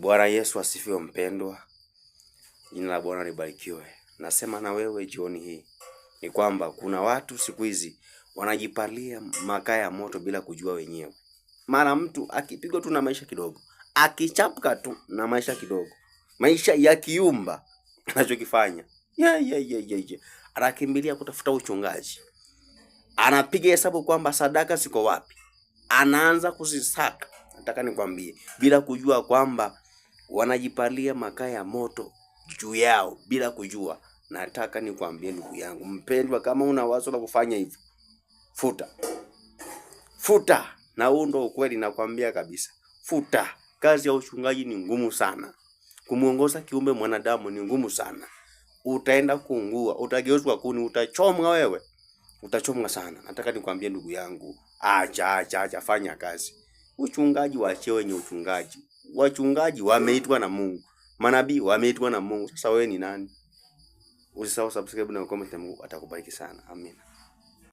Bwana Yesu asifiwe, mpendwa. Jina la Bwana libarikiwe. Nasema na wewe jioni hii ni kwamba kuna watu siku hizi wanajipalia makaa ya moto bila kujua wenyewe. Mara mtu akipigwa tu na maisha kidogo, akichapka tu na maisha kidogo, maisha ya kiumba, anachokifanya yeah, yeah, yeah, yeah, yeah. Anakimbilia kutafuta uchungaji, anapiga hesabu kwamba sadaka ziko wapi, anaanza kuzisaka. Nataka nikwambie bila kujua kwamba wanajipalia makaa ya moto juu yao bila kujua. Nataka nikwambie ndugu yangu mpendwa, kama una wazo la kufanya hivyo, futa futa, na huo ndo ukweli nakwambia kabisa, futa. Kazi ya uchungaji ni ngumu sana, kumuongoza kiumbe mwanadamu ni ngumu sana. Utaenda kuungua, utageuzwa kuni, utachomwa wewe, utachomwa sana. Nataka nikwambie ndugu yangu, acha acha acha, fanya kazi uchungaji, waachie wenye uchungaji wachungaji wameitwa na Mungu, manabii wameitwa na Mungu. Sasa wewe ni nani? Usisahau subscribe na comment, na Mungu atakubariki sana. Amina.